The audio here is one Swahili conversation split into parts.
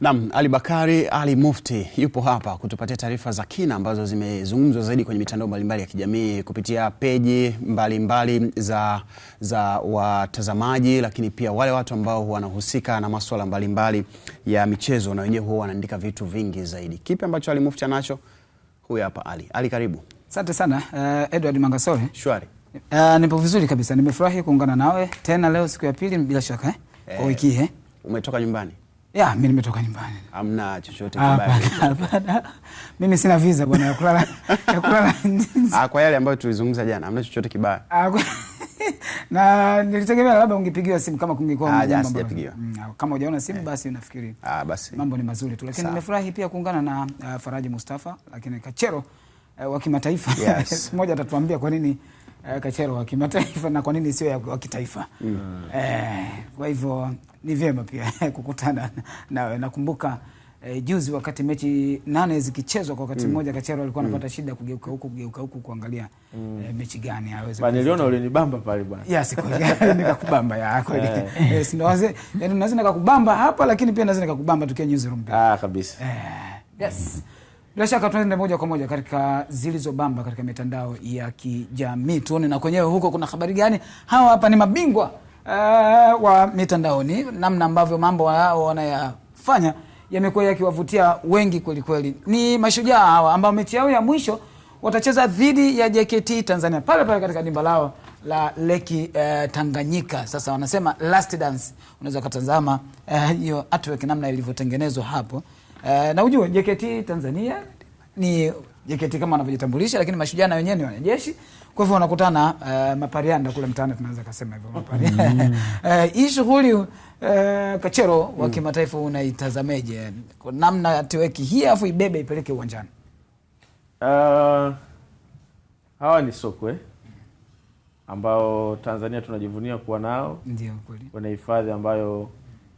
Naam, Ali Bakari Ali Mufti yupo hapa kutupatia taarifa za kina ambazo zimezungumzwa zaidi kwenye mitandao mbalimbali ya kijamii kupitia peji mbalimbali mbali za, za watazamaji, lakini pia wale watu ambao wanahusika na masuala mbalimbali ya michezo na wenyewe huwa wanaandika vitu vingi zaidi. Kipi ambacho Ali Mufti anacho? Huyu hapa Ali. Ali, karibu. Asante sana uh, Edward Mangasore. Shwari. Uh, nipo vizuri kabisa, nimefurahi kuungana nawe tena leo siku ya pili bila shaka eh? Eh, kwa wiki eh? Umetoka nyumbani? Ya, mimi nimetoka nyumbani. Hamna chochote ah, kibaya. Hapana. Mimi sina visa bwana ya kulala ya kulala Ah, kwa yale ambayo tulizungumza jana, hamna chochote kibaya. Ah, na nilitegemea labda ungepigiwa simu kama kungekuwa ah, mambo. Ah, sijapigiwa. Mm, kama hujaona simu eh. basi unafikiri. Ah, basi. Mambo ni mazuri tu. Lakini nimefurahi pia kuungana na uh, Faraji Mustafa, lakini Kachero uh, wa kimataifa. Yes. Mmoja atatuambia kwa nini eh, kachero wa kimataifa na kwa nini sio wa kitaifa mm. eh, kwa hivyo ni vyema pia kukutana nawe. Nakumbuka eh, juzi wakati mechi nane zikichezwa kwa wakati mm. mmoja mm. Kachero alikuwa mm. anapata mm. shida kugeuka huku kugeuka huku kuangalia mm. eh, mechi gani aweze. Bwana niliona ulinibamba pale bwana. Yes, kweli yaani nikakubamba ya kweli. Yes, eh. eh, ndio wazee, Yaani naweza nikakubamba hapa lakini pia naweza nikakubamba tukiwa newsroom pia. Ah, kabisa. Eh, yes. Mm. Bila shaka tuende moja kwa moja katika zilizobamba katika mitandao ya kijamii, tuone na kwenyewe huko kuna habari gani. Hawa hapa ni mabingwa uh, wa mitandaoni, namna ambavyo mambo yao wanayafanya yamekuwa yakiwavutia wengi kwelikweli. Ni mashujaa hawa ambao mechi yao ya mwisho watacheza dhidi ya JKT Tanzania pale pale katika dimba lao la Leki eh, Tanganyika. Sasa wanasema last dance, unaweza ukatazama eh, hiyo eh, artwork namna ilivyotengenezwa hapo. Eh, na ujue JKT Tanzania ni JKT kama wanavyojitambulisha, lakini mashujaa na wenyewe ni wanajeshi. Kwa hivyo wanakutana uh, maparianda kule mtaani, tunaweza kusema hivyo maparianda mm. Eh, hii uh, shughuli uh, kachero wa mm. kimataifa unaitazameje, namna tiweki hii afu ibebe ipeleke uwanjani? Uh, hawa ni sokwe ambao Tanzania tunajivunia kuwa nao. Ndio kweli, wana hifadhi ambayo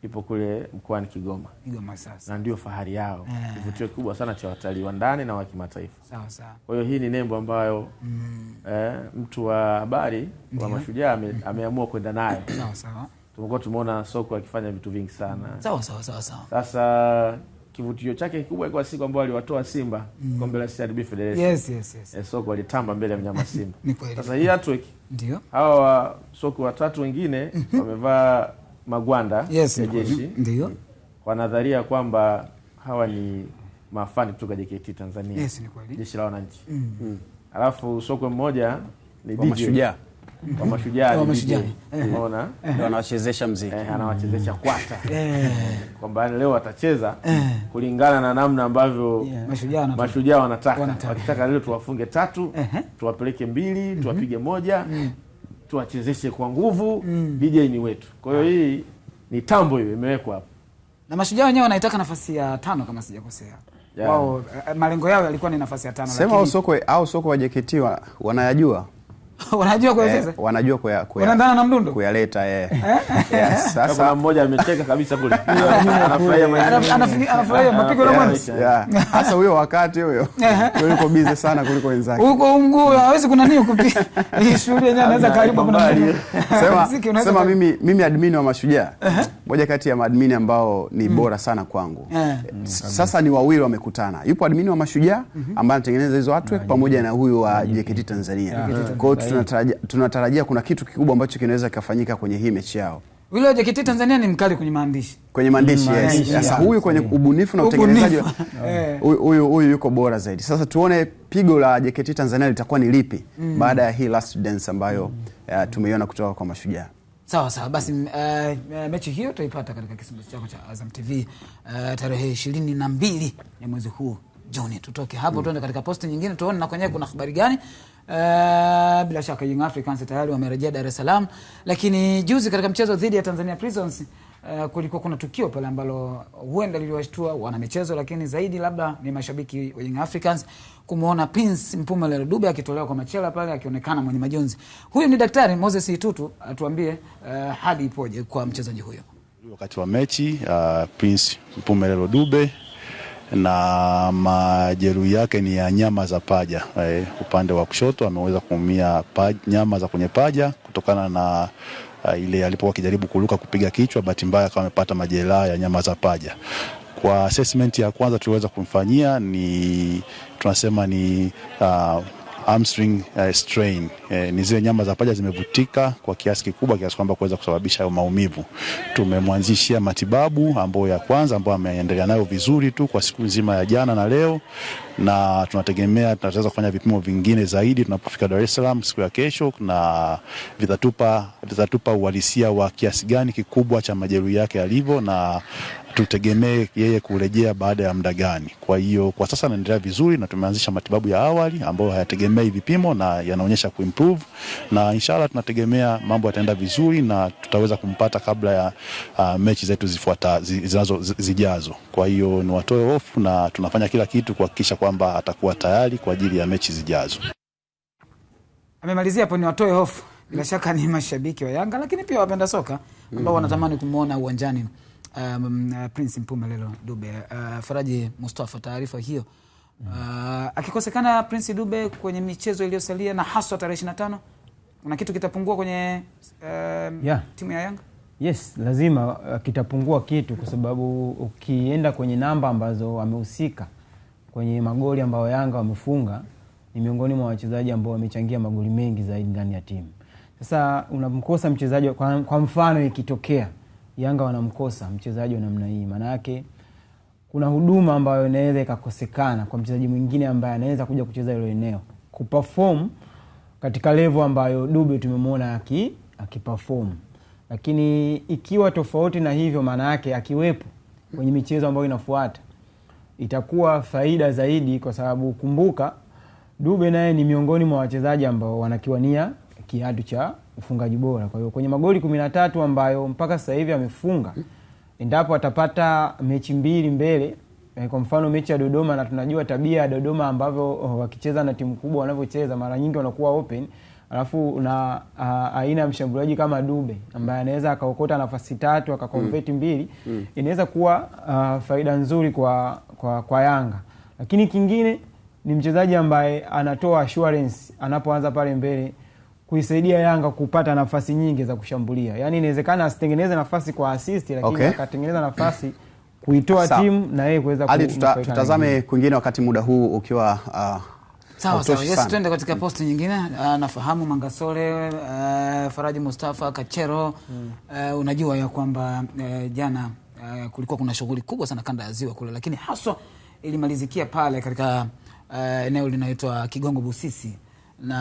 ipo kule mkoani Kigoma. Kigoma sasa. Na ndio fahari yao. Eh. Kivutio yeah. kubwa sana cha watalii wa ndani na wa kimataifa. Sawa sawa. Kwa hiyo hii ni nembo ambayo mm. eh, mtu wa habari wa mashujaa ame, mm. ameamua kwenda nayo. Sawa sawa. Tumekuwa tumeona soko akifanya vitu vingi sana. Sawa sawa sawa sawa. Sasa kivutio chake kikubwa ilikuwa siku ambayo aliwatoa Simba mm. kombe la CRB Federation. Yes yes yes. Eh, soko alitamba mbele ya mnyama Simba. Sasa hii artwork. Ndio. Hawa soko watatu wengine mhm. wamevaa magwanda yes, ya jeshi ndio kwa nadharia kwamba hawa ni mafani kutoka JKT Tanzania yes, jeshi la wananchi mm. mm. alafu sokwe mmoja ni DJ mashujaa wa mashujaa unaona, eh. ndio anawachezesha mziki eh, anawachezesha kwata eh. kwamba leo watacheza eh. kulingana na namna ambavyo yeah. mashujaa wanataka, wanataka. wakitaka leo tuwafunge tatu tuwapeleke mbili tuwapige moja mm tuwachezeshe kwa nguvu mm. DJ ni wetu. Kwa hiyo ah. hii ni tambo hiyo imewekwa hapo, na mashujaa wenyewe wanaitaka nafasi ya tano kama sijakosea. Yeah. Wao eh, malengo yao yalikuwa ni nafasi ya tano, sema lakini... au soko au soko wa JKT wanayajua Eh, wanajua kwa sasa eh, wanajua kwa kwa wanaendana na mdundo kuyaleta eh. yeah, sasa kuna mmoja amecheka kabisa kule anafurahia anafurahia mapigo ya mwanzo sasa huyo wakati huyo eh. yuko busy sana kuliko wenzake huko mguu hawezi kuna nini kupiga hii shughuli yenyewe anaweza karibu kuna sema sema mimi mimi admin wa mashujaa uh-huh. moja kati ya admin ambao ni mm. bora sana kwangu eh. mm, sasa ni wawili wamekutana yupo admin wa mashujaa mm-hmm. ambaye anatengeneza hizo artwork pamoja na huyu wa JKT Tanzania kwa tunatarajia, tunatarajia kuna kitu kikubwa ambacho kinaweza kikafanyika kwenye hii mechi yao. Yule JKT Tanzania ni mkali kwenye maandishi, kwenye maandishi yes. Sasa huyu kwenye ubunifu na utengenezaji eh. huyu huyu yuko bora zaidi. Sasa tuone pigo la JKT Tanzania litakuwa ni lipi mm. baada ya hii last dance ambayo mm. uh, tumeiona kutoka kwa Mashujaa. Sawa sawa basi, uh, mechi hiyo tutaipata katika kisimbuzi chako cha Azam TV uh, tarehe ishirini na mbili ya mwezi huu. John, tutoke hapo mm. tuende katika posti nyingine tuone na kwenyewe kuna habari gani. Uh, bila shaka Young Africans tayari wamerejea Dar es Salaam, lakini juzi katika mchezo dhidi ya Tanzania Prisons uh, kulikuwa kuna tukio pale ambalo huenda liliwashtua wana michezo, lakini zaidi labda ni mashabiki wa Young Africans kumwona Pins Mpumelelo Dube akitolewa kwa machela pale akionekana mwenye majonzi. Huyu ni Daktari Moses Itutu, atuambie uh, hali ipoje kwa mchezaji huyo wakati wa mechi uh, Prince Mpumelelo Dube na majeruhi yake ni ya nyama za paja. E, upande wa kushoto ameweza kuumia nyama za kwenye paja kutokana na uh, ile alipokuwa akijaribu kuruka kupiga kichwa, bahati mbaya akawa amepata majeraha ya nyama za paja. Kwa assessment ya kwanza tuliweza kumfanyia ni tunasema ni uh, hamstring uh, strain eh, ni zile nyama za paja zimevutika kwa kiasi kikubwa kiasi kwamba kuweza kusababisha maumivu. Tumemwanzishia matibabu ambayo ya kwanza ambayo ameendelea nayo vizuri tu kwa siku nzima ya jana na leo, na tunategemea tunaweza kufanya vipimo vingine zaidi tunapofika Dar es Salaam siku ya kesho, na vitatupa vitatupa uhalisia wa kiasi gani kikubwa cha majeruhi yake yalivyo na tutegemee yeye kurejea baada ya muda gani? Kwa hiyo kwa sasa anaendelea vizuri na tumeanzisha matibabu ya awali ambayo hayategemei vipimo na yanaonyesha kuimprove, na inshallah tunategemea mambo yataenda vizuri na tutaweza kumpata kabla ya uh, mechi zetu zifuata zinazo zijazo. Kwa hiyo ni watoe hofu, na tunafanya kila kitu kuhakikisha kwamba atakuwa tayari kwa ajili ya mechi zijazo. Amemalizia hapo, ni watoe hofu. Bila shaka ni mashabiki wa Yanga, lakini pia wapenda soka ambao wanatamani kumwona uwanjani um, uh, Prince Mpumelelo Dube. Uh, Faraji Mustafa, taarifa hiyo uh, akikosekana Prince Dube kwenye michezo iliyosalia na haswa tarehe tano kuna kitu kitapungua kwenye uh, yeah. timu ya Yanga. Yes, lazima uh, kitapungua kitu kwa sababu ukienda kwenye namba ambazo wamehusika kwenye magoli ambayo Yanga wamefunga ni miongoni mwa wachezaji ambao wamechangia magoli mengi zaidi ndani ya timu. Sasa unamkosa mchezaji kwa, kwa mfano ikitokea Yanga wanamkosa mchezaji wa namna hii, maana yake kuna huduma ambayo inaweza ikakosekana kwa mchezaji mwingine ambaye anaweza kuja kucheza hilo eneo kuperform katika levo ambayo Dube tumemwona aki lakini ikiwa tofauti na hivyo, maana yake akiwepo kwenye michezo ambayo inafuata itakuwa faida zaidi, kwa sababu kumbuka Dube naye ni miongoni mwa wachezaji ambao wanakiwania kiatu cha ufungaji bora. Kwa hiyo kwenye magoli kumi na tatu ambayo mpaka sasa hivi amefunga, endapo atapata mechi mbili mbele eh, kwa mfano mechi ya Dodoma, na tunajua tabia ya Dodoma ambavyo oh, wakicheza na timu kubwa wanavyocheza mara nyingi wanakuwa open, alafu na ah, aina ya mshambuliaji kama Dube ambaye anaweza akaokota nafasi tatu akakonveti mm. mbili mm. inaweza kuwa a, ah, faida nzuri kwa, kwa, kwa Yanga. Lakini kingine ni mchezaji ambaye anatoa assurance anapoanza pale mbele kuisaidia Yanga kupata nafasi nyingi za kushambulia. Yaani inawezekana asitengeneze nafasi kwa asisti lakini okay, akatengeneza nafasi kuitoa timu na yeye kuweza ku. Tuta, tutazame kwingine wakati muda huu ukiwa uh, Yes, tuende katika posti nyingine. Uh, nafahamu Mangasole, uh, Faraji Mustafa Kachero, hmm. uh, unajua ya kwamba uh, jana uh, kulikuwa kuna shughuli kubwa sana kanda ya Ziwa kule, lakini haswa ilimalizikia pale katika uh, eneo linaitwa Kigongo Busisi na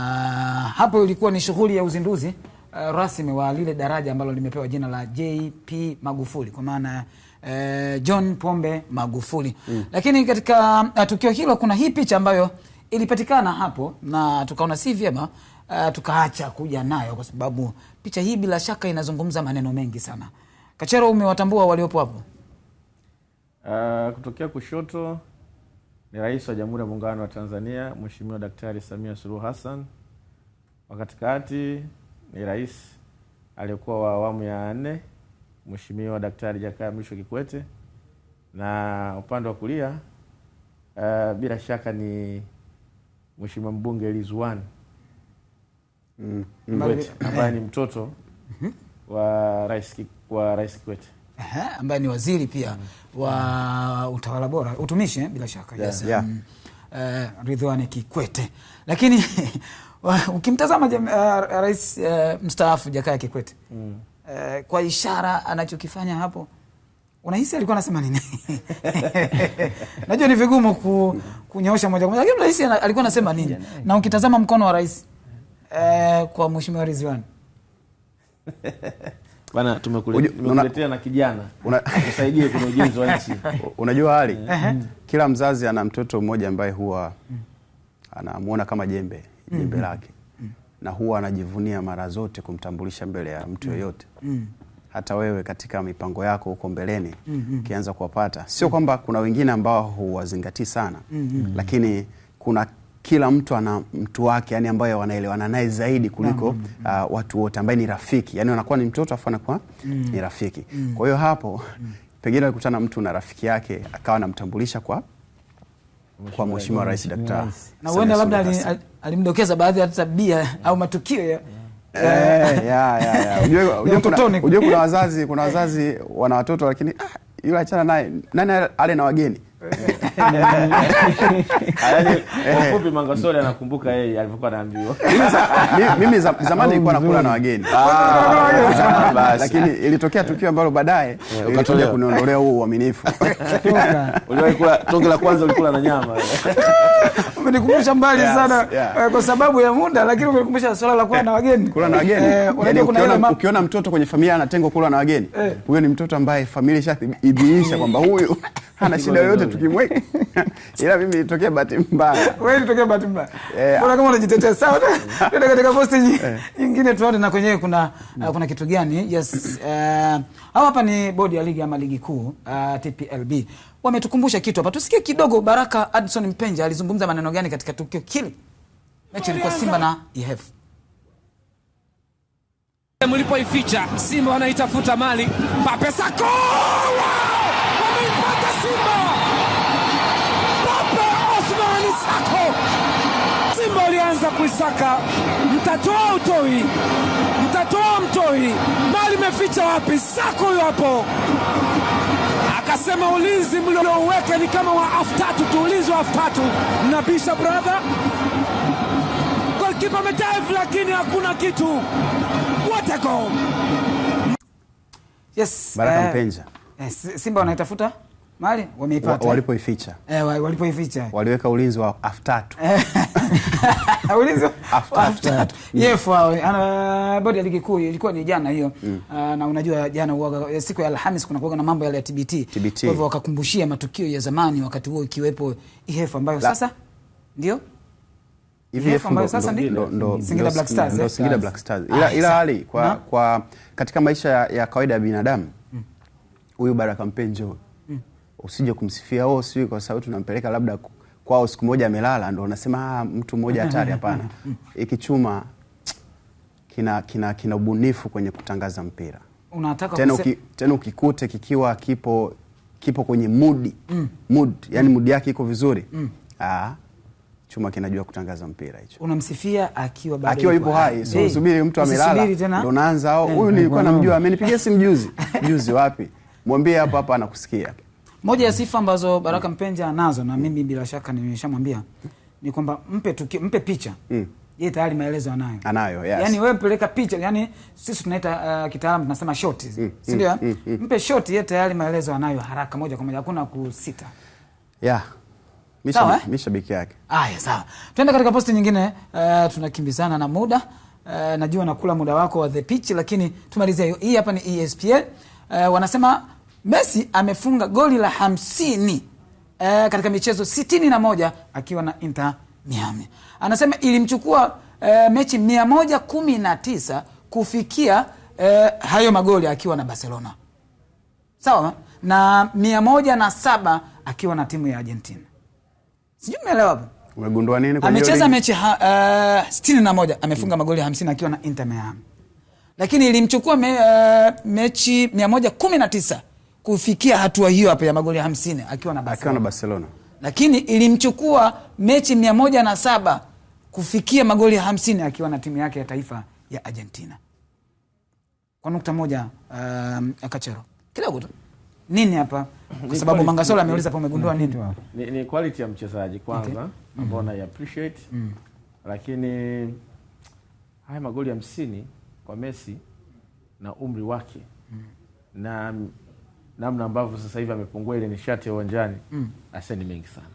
hapo ilikuwa ni shughuli ya uzinduzi uh, rasmi wa lile daraja ambalo limepewa jina la JP Magufuli kwa maana uh, John Pombe Magufuli mm. Lakini katika uh, tukio hilo kuna hii picha ambayo ilipatikana hapo na tukaona si vyema uh, tukaacha kuja nayo kwa sababu picha hii bila shaka inazungumza maneno mengi sana. Kachero, umewatambua waliopo hapo? Uh, kutokea kushoto ni Rais wa Jamhuri ya Muungano wa Tanzania Mheshimiwa Daktari Samia Suluhu Hassan, wa katikati ni rais aliyekuwa wa awamu ya nne Mheshimiwa Daktari Jakaya Mrisho Kikwete, na upande wa kulia uh, bila shaka ni Mheshimiwa mbunge Ridhiwani mm, ambaye mm, ni mtoto mm-hmm. wa rais wa Rais Kikwete ambaye ni waziri pia mm. wa utawala bora utumishi eh, bila shaka yeah, yes. yeah. Mm. Uh, Ridhiwani Kikwete lakini ukimtazama uh, rais uh, mstaafu Jakaya Kikwete mm. uh, kwa ishara anachokifanya hapo unahisi alikuwa anasema nini? Najua ni vigumu ku, kunyoosha moja kwa moja, lakini unahisi alikuwa anasema nini? Na ukitazama mkono wa rais eh, kwa mheshimiwa Ridhiwani Bana, tumekuletea na kijana tusaidie kwenye ujenzi wa nchi. Unajua hali mm. kila mzazi ana mtoto mmoja ambaye huwa anamwona kama jembe mm. jembe mm. lake na huwa anajivunia mara zote kumtambulisha mbele ya mtu yoyote. Hata wewe katika mipango yako huko mbeleni ukianza kuwapata, sio kwamba kuna wengine ambao huwazingatii sana, lakini kuna kila mtu ana mtu wake yani ambaye wanaelewana naye zaidi kuliko uh, watu wote ambaye ni rafiki yani anakuwa ni mtoto afu anakuwa mm. ni rafiki mm. kwa hiyo hapo mm. pengine alikutana mtu na rafiki yake akawa anamtambulisha kwa kwa Mheshimiwa Rais Daktari na huenda labda alimdokeza baadhi ya tabia au matukio ya eh, Unajua kuna wazazi kuna wazazi wana watoto lakini ah, yule achana naye nani ale na wageni eh, eh. Eh. Ufupi Mangasole anakumbuka yeye alivyokuwa anaambiwa. Mimi zamani oh, nilikuwa nakula na wageni, ah, lakini ilitokea tukio ambalo baadaye eh, ilikuja kuniondolea huo uaminifu. la kwanza ulikula na nyama? Umenikumbusha mbali sana eh, kwa sababu ya muda, lakini umenikumbusha swala la kula na wageni. Kula na wageni, yaani ukiona mtoto kwenye familia anatengwa kula na wageni, huyo ni mtoto ambaye familia ishathibitisha kwamba huyu hana shida yoyote tukimweka ila mimi ilitokea bahati mbaya. Wewe ilitokea bahati mbaya. Yeah. Bora kama unajitetea sawa. Ndio katika posti eh. nyingine tuone na kwenyewe kuna uh, kuna kitu gani? Yes. Uh, eh, au hapa ni bodi ya ligi ama ligi kuu uh, TPLB. Wametukumbusha kitu hapa. Tusikie kidogo Baraka adson Mpenja alizungumza maneno gani katika tukio kile. Mechi ilikuwa Simba na IHF. Mlipoificha Simba wanaitafuta mali. Mbappe Sako! Wow! Wameipata Simba! mtaanza kuisaka, mtatoa utoi, mtatoa mtoi, mali meficha wapi? Sako huyo hapo. Akasema ulinzi mliouweka ni kama wa elfu tatu tu, ulinzi wa elfu tatu. Mnabisha brother, golkipa amedive lakini hakuna kitu. What a goal! Yes, Baraka uh, Mpenja. Eh, Simba wanaitafuta mali wameipata walipoificha, eh, walipoificha waliweka ulinzi wa elfu tatu eh. Ulizo mm. ya ligi kuu ilikuwa ni jana hiyo mm. Uh, na unajua jana uwaga, eh, siku ya Alhamis kuna na mambo yale ya TBT, hivyo wakakumbushia matukio ya zamani wakati huo ikiwepo ihefu ambayo La. sasa ndio ila, hali kwa, no? kwa katika maisha ya, ya kawaida ya binadamu mm. huyu mm. Baraka Mpenjo mm. usije kumsifia o oh, sijui kwa sababu tunampeleka labda kwao siku moja amelala, ndo unasema ah, mtu mmoja hatari. Hapana, ikichuma kina kina kina ubunifu kwenye kutangaza mpira unataka tena, kuse... uki, tena ukikute kikiwa kipo kipo kwenye mudi mm. mood yani mm. mudi yake iko vizuri mm. Aa, ah, chuma kinajua kutangaza mpira hicho. Unamsifia akiwa bado akiwa yupo hai, so usubiri mtu amelala ndo naanza au oh, eh, huyu nilikuwa eh, namjua eh. amenipigia simu juzi juzi, wapi mwambie hapa hapa anakusikia. Moja ya sifa ambazo Baraka Mpenja anazo na mimi bila shaka nimeshamwambia ni kwamba mpe tuki, mpe picha mm. Yeye tayari maelezo anayo anayo, yes. Yani wewe mpeleka picha, yani sisi tunaita uh, kitaalamu tunasema short mm, si ndio? Mm, mm, mm. mpe short, yeye tayari maelezo anayo haraka, moja kwa moja, hakuna kusita yeah. Misha, eh? misha biki yake. Haya, sawa, tuende katika posti nyingine. Uh, tunakimbizana na muda uh, najua nakula muda wako wa the pitch, lakini tumalizia hiyo. Hii hapa ni ESPN uh, wanasema Messi amefunga goli la hamsini eh, katika michezo sitini na moja akiwa na Inter Miami. Anasema ilimchukua eh, mechi mia moja kumi na tisa kufikia eh, hayo magoli akiwa na Barcelona, sawa na mia moja na saba akiwa na timu ya Argentina. Sijui umeelewa hapo. Umegundua nini? Amecheza mechi uh, sitini na moja amefunga hmm, magoli hamsini akiwa na Inter Miami, lakini ilimchukua me, uh, mechi mia moja kumi na tisa kufikia hatua hiyo hapa ya magoli hamsini akiwa na Barcelona. na Barcelona. Lakini ilimchukua mechi mia moja na saba kufikia magoli hamsini akiwa na timu yake ya taifa ya Argentina. Kwa nukta moja um, Akachero kidogo tu nini hapa, kwa sababu Mangasola ameuliza hapo, umegundua nini? Ni, ni quality ya mchezaji kwanza ambao -hmm. na appreciate mm. lakini haya magoli hamsini kwa Messi na umri wake mm. na namna ambavyo sasa hivi amepungua ile nishati ya uwanjani mm. asa ni mengi sana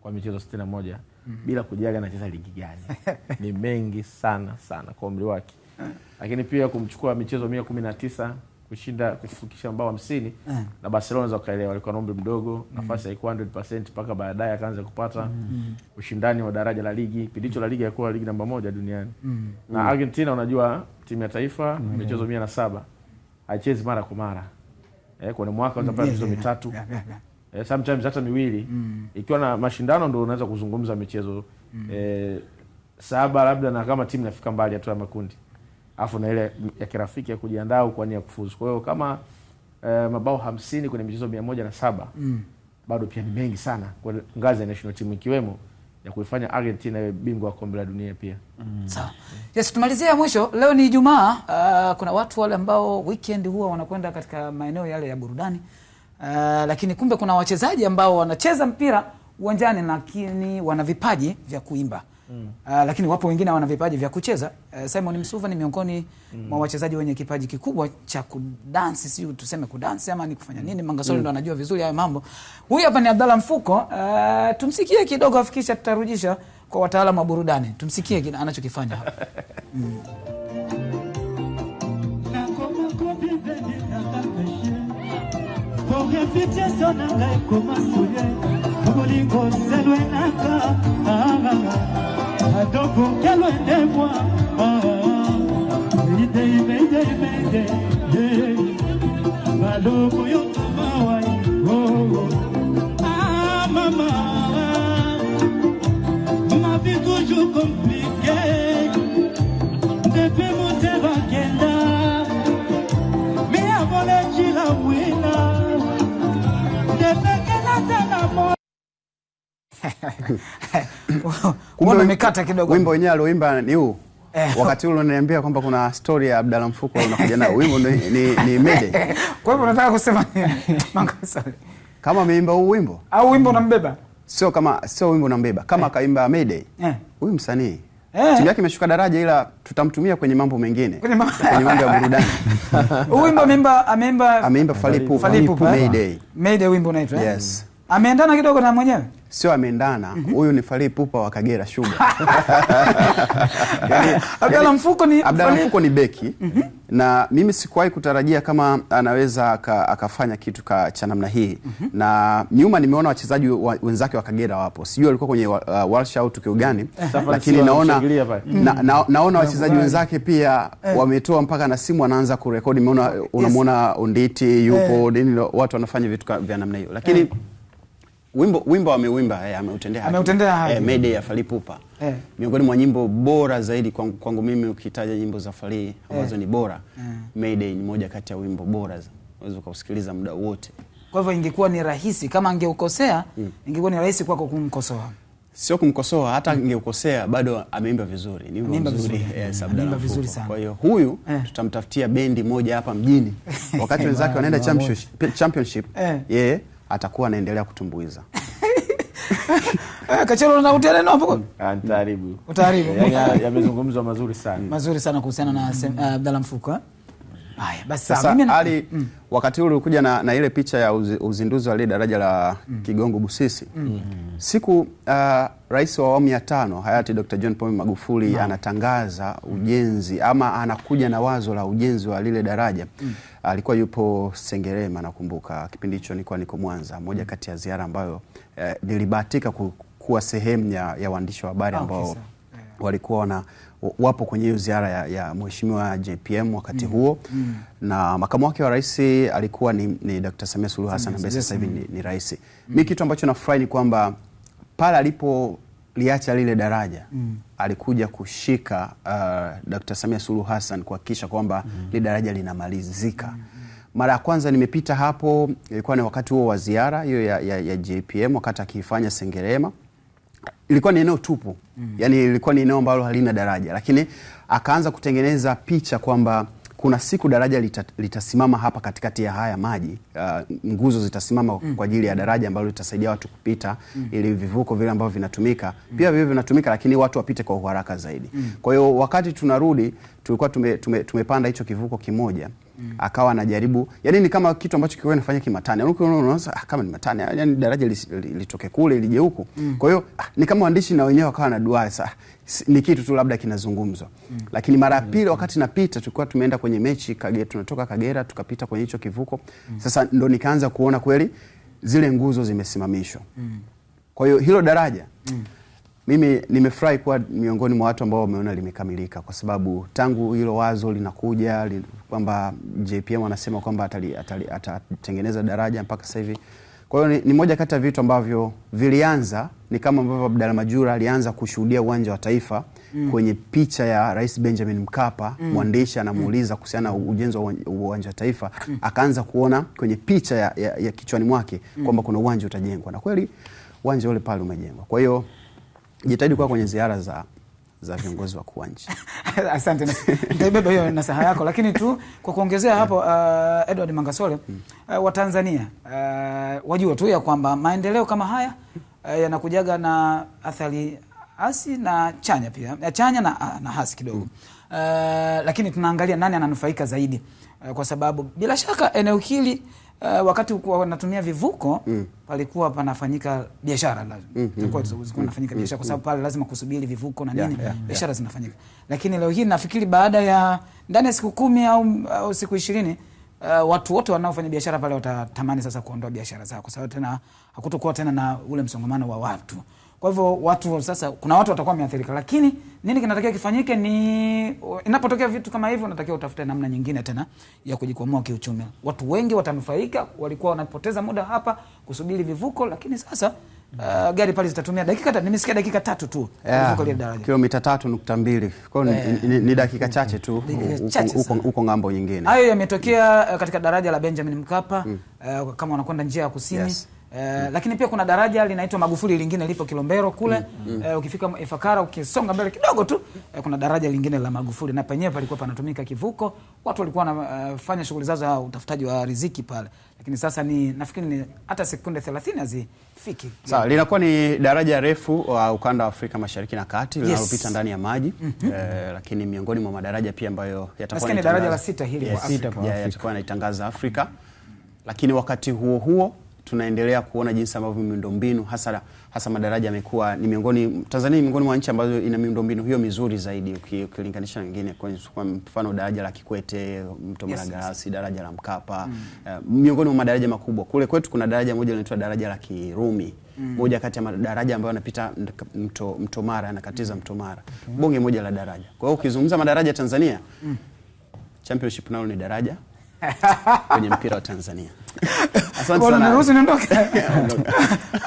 kwa michezo sitini na moja mm. bila kujaga anacheza ligi gani ni mengi sana sana kwa umri wake, eh. lakini pia kumchukua michezo mia kumi na tisa kushinda kufikisha mbao hamsini mm. na Barcelona za ukaelewa, alikuwa na umri mdogo, mm. nafasi haikuwa 100% mpaka baadaye akaanza kupata mm. mm. ushindani wa daraja la ligi pidicho la ligi yakuwa ligi namba moja duniani mm. na mm. Argentina, unajua timu ya taifa mm. michezo mia na saba haichezi mara kwa mara eh, kwenye mwaka kupata michezo mitatu yeah, yeah, yeah. Eh, sometimes hata miwili mm. Ikiwa na mashindano ndio unaweza kuzungumza michezo mm. eh, saba labda, na kama timu inafika mbali hatua ya makundi afu na ile ya kirafiki ya kujiandaa kwa nia ya kufuzu. Kwa hiyo kama eh, mabao hamsini kwenye michezo mia moja na saba mm. bado pia ni mengi sana kwa ngazi ya national team ikiwemo ya kuifanya Argentina iwe bingwa wa kombe la dunia pia. Mm. Sawa. Yes, tumalizie ya mwisho. Leo ni Ijumaa. Uh, kuna watu wale ambao weekend huwa wanakwenda katika maeneo yale ya burudani. Uh, lakini kumbe kuna wachezaji ambao wanacheza mpira uwanjani lakini wana vipaji vya kuimba mm. Uh, lakini wapo wengine wana vipaji vya kucheza. Uh, Simon Msuva ni miongoni mm. mwa wachezaji wenye kipaji kikubwa cha kudansi, si tuseme kudansi ama ni kufanya nini. Mangasoli mm. ndo anajua vizuri hayo mambo. Huyu hapa ni Abdalla Mfuko. Uh, tumsikie kidogo, afikisha tutarudisha kwa wataalamu wa burudani, tumsikie anachokifanya hapa mm. bolingo selwenaka ah, ah, ah. adoko kelwende mwa ideimeideimeide maloko yo tomawai mama oh, oh. ma vie toujours compli umekata kidogo. Wimbo wenyewe alioimba ni huu Eh, wakati ule unaniambia kwamba kuna story ya Abdalla Mfuko unakuja nayo wimbo ni, ni, ni mede. Kwa hivyo nataka kusema nini? kama ameimba huu wimbo au wimbo unambeba? Sio kama sio wimbo unambeba, kama eh. akaimba eh, Mayday huyu msanii eh, timu yake imeshuka daraja, ila tutamtumia kwenye mambo mengine, kwenye mambo ya burudani. Huu wimbo ameimba ameimba ameimba Falipu Falipu eh. Mayday Mayday, wimbo unaitwa eh? yes. Ameendana kidogo na mwenyewe, sio ameendana. Mhm. Huyu mm -hmm. ni Fally Pupa wa Kagera Sugar yani, Abdalla Mfuko ni Abdalla Mfuko ni beki mm -hmm. na mimi sikuwahi kutarajia kama anaweza akafanya kitu cha namna hii mm -hmm. na nyuma nimeona wachezaji wa, wenzake wa Kagera wapo, sijui walikuwa kwenye uh, warsha au tukio gani eh. lakini naona na, na, naona wachezaji wenzake pia eh. wametoa mpaka na simu wanaanza kurekodi. Nimeona unamwona yes. Unditi yupo eh. nini, watu wanafanya vitu vya namna hiyo lakini eh wimbo wimbo ameuimba eh, ameutendea ameutendea eh, haki eh, Mayday ya Fally Ipupa eh, miongoni mwa nyimbo bora zaidi kwangu, kwangu mimi ukitaja nyimbo za Fally ambazo eh, ni bora eh, Mayday ni moja kati ya wimbo bora, unaweza kusikiliza muda wote. Kwa hivyo ingekuwa ni rahisi kama angeukosea mm, ingekuwa ni rahisi kwako kumkosoa sio kumkosoa hata mm. mm. bado ameimba vizuri, ni wimbo mzuri yes, eh, ameimba vizuri sana. Kwa hiyo huyu eh. tutamtafutia bendi moja hapa mjini wakati wenzake wanaenda championship, championship. Eh. Yeah atakuwa anaendelea kutumbuiza. Eh, Kachero, nakutia neno hapo? Ah, yamezungumzwa mazuri sana, mazuri sana kuhusiana na eh, abdala Mfuko. Eh? Haya basi sasa mimi Ali mm. wakati ule ulikuja na, na ile picha ya uz, uzinduzi wa lile daraja la mm. Kigongo Busisi mm. mm. siku uh, rais wa awamu ya tano hayati Dr. John Pombe Magufuli mm. anatangaza ujenzi ama anakuja na wazo la ujenzi wa lile daraja mm. alikuwa yupo Sengerema nakumbuka kipindi hicho nilikuwa niko Mwanza moja mm. kati ya ziara ambayo eh, nilibahatika kuwa sehemu ya, ya waandishi wa habari ah, ambao okay, walikuwa wana wapo kwenye hiyo ziara ya, ya Mheshimiwa JPM wakati mm. huo mm. na makamu wake wa rais alikuwa ni, ni Dr. Samia Suluhu Hassan ambaye sasa hivi mm. ni, ni rais mm. Mimi kitu ambacho nafurahi ni kwamba pale alipoliacha lile daraja mm. alikuja kushika uh, Dr. Samia Suluhu Hassan kuhakikisha kwamba mm. lile daraja linamalizika mm. Mara ya kwanza nimepita hapo ilikuwa ni wakati huo wa ziara hiyo ya, ya, ya JPM wakati akiifanya Sengerema mm ilikuwa ni eneo tupu mm. Yani ilikuwa ni eneo ambalo halina daraja, lakini akaanza kutengeneza picha kwamba kuna siku daraja lita, litasimama hapa katikati ya haya maji uh, nguzo zitasimama mm. kwa ajili ya daraja ambalo litasaidia watu kupita mm. ili vivuko vile ambavyo vinatumika mm. pia vivyo vinatumika, lakini watu wapite kwa uharaka zaidi mm. Kwa hiyo wakati tunarudi tulikuwa tume, tume, tumepanda hicho kivuko kimoja mm. akawa anajaribu yani ni kama kitu ambacho kilikuwa kinafanya kimatani yaani unaanza ah, kama ni matani yani daraja litoke kule lije huku mm. kwa hiyo ah, ni kama waandishi na wenyewe wakawa na dua ah, sasa ni kitu tu labda kinazungumzwa mm. lakini mara ya pili wakati napita tulikuwa tumeenda kwenye mechi kage, tunatoka Kagera tukapita kwenye hicho kivuko mm. sasa ndo nikaanza kuona kweli zile nguzo zimesimamishwa mm. kwa hiyo hilo daraja mm. Mimi nimefurahi kuwa miongoni mwa watu ambao wameona limekamilika, kwa sababu tangu hilo wazo linakuja kwamba JPM anasema kwamba atatengeneza daraja mpaka sasa hivi. Kwa hiyo ni, ni moja kati ya vitu ambavyo vilianza ni kama ambavyo Abdalla Majura alianza kushuhudia uwanja wa Taifa mm. kwenye picha ya Rais Benjamin Mkapa mm. mwandishi mm. anamuuliza kuhusiana na ujenzi wa uwanja wa Taifa mm. akaanza kuona kwenye picha ya, ya, ya kichwani mwake mm. kwamba kuna uwanja utajengwa, na kweli uwanja ule pale umejengwa. Kwa hiyo jitahidi kuwa kwenye ziara za za viongozi wakuu wa nchi. Asante, nitaibeba hiyo nasaha yako, lakini tu kwa kuongezea hapo uh, Edward Mangasole hmm. uh, Watanzania uh, wajua tu ya kwamba maendeleo kama haya uh, yanakujaga na athari hasi na chanya pia chanya na, uh, na hasi kidogo hmm. Uh, lakini tunaangalia nani ananufaika zaidi uh, kwa sababu bila shaka eneo hili uh, wakati wanatumia vivuko mm. palikuwa panafanyika biashara lazima mm, mm, mm, mm nafanyika biashara kwa sababu pale lazima kusubiri vivuko na nini yeah, yeah, biashara yeah. zinafanyika, lakini leo hii nafikiri baada ya ndani ya siku kumi au, au siku ishirini Uh, watu wote wanaofanya biashara pale watatamani sasa kuondoa biashara zao kwa sababu tena hakutokuwa tena na ule msongamano wa watu. Kwa hivyo watu sasa, kuna watu watakuwa wameathirika, lakini nini kinatakiwa kifanyike? Ni inapotokea vitu kama hivyo, natakiwa utafute namna nyingine tena ya kujikwamua kiuchumi. Watu wengi watanufaika, walikuwa wanapoteza muda hapa kusubiri vivuko, lakini sasa uh, gari pale zitatumia dakika, nimesikia dakika tatu tu yeah, kilomita tatu nukta mbili kwa hiyo ni, eh. ni dakika chache tu huko ng'ambo nyingine. Hayo yametokea eh, katika daraja la Benjamin Mkapa mm. uh, kama wanakwenda njia ya kusini yes. Eh, lakini pia kuna daraja linaitwa Magufuli lingine lipo Kilombero kule mm, mm. Eh, ukifika Ifakara ukisonga mbele kidogo tu eh, kuna daraja lingine la Magufuli na penyewe palikuwa panatumika kivuko, watu walikuwa wanafanya eh, uh, shughuli zao za utafutaji wa riziki pale, lakini sasa ni nafikiri ni hata sekunde 30 hazifiki. Sawa, linakuwa ni daraja refu wa uh, ukanda wa Afrika Mashariki na Kati linalopita yes, ndani ya maji mm -hmm. Eh, lakini miongoni mwa madaraja pia ambayo yatakuwa ni daraja la sita hili yes, kwa Afrika, yatakuwa yanatangaza Afrika, lakini wakati huo huo tunaendelea kuona jinsi ambavyo miundombinu hasa hasa madaraja yamekuwa ni miongoni Tanzania ni miongoni mwa nchi ambazo ina miundombinu hiyo mizuri zaidi ukilinganisha na wengine, kwa mfano daraja la Kikwete, mto Malagarasi, yes, yes. daraja la Mkapa mm. Uh, miongoni mwa madaraja makubwa kule kwetu kuna daraja moja linaitwa daraja la Kirumi mm. moja kati ya madaraja ambayo yanapita mto, mto Mara yanakatiza mm. mto Mara okay. bonge moja la daraja. Kwa hiyo ukizungumza madaraja Tanzania mm. championship nalo ni daraja kwenye mpira wa Tanzania. Asante sana. Niruhusu niondoke.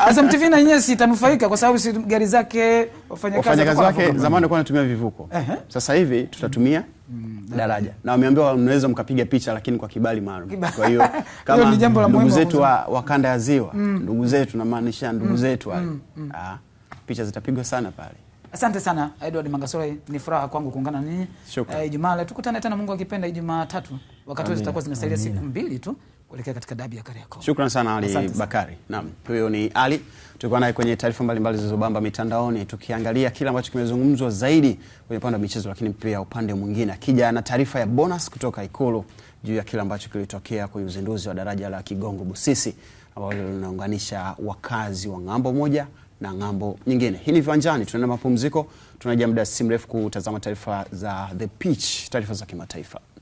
Azam TV na yenyewe sitanufaika kwa sababu si gari zake wafanyakazi wake zamani walikuwa wanatumia vivuko. Sasa hivi tutatumia mm, daraja na wameambiwa mnaweza mkapiga picha lakini kwa kibali maalum. Kwa hiyo kama ndugu zetu wa, wa kanda ya Ziwa, mm. ndugu zetu namaanisha ndugu mm. zetu wale, ah, picha zitapigwa sana pale. Asante sana Edward Mangasore, ni furaha kwangu kuungana ninyi eh, Ijumaa leo. Tukutane tena Mungu akipenda Ijumaa tatu, wakati wetu zitakuwa zimesalia siku mbili tu kuelekea katika dabi ya Kariakoo. Shukran sana Ali Asante Bakari. Naam, huyo ni Ali, tulikuwa naye kwenye taarifa mbalimbali zilizobamba mitandaoni, tukiangalia kile ambacho kimezungumzwa zaidi kwenye upande wa michezo, lakini pia upande mwingine akija na taarifa ya bonus kutoka Ikulu juu ya kile ambacho kilitokea kwenye uzinduzi wa daraja la Kigongo Busisi ambalo linaunganisha wakazi wa ng'ambo moja na ng'ambo nyingine. Hii ni Viwanjani, tunaenda mapumziko, tunarejea muda si mrefu kutazama taarifa za the pitch, taarifa za kimataifa.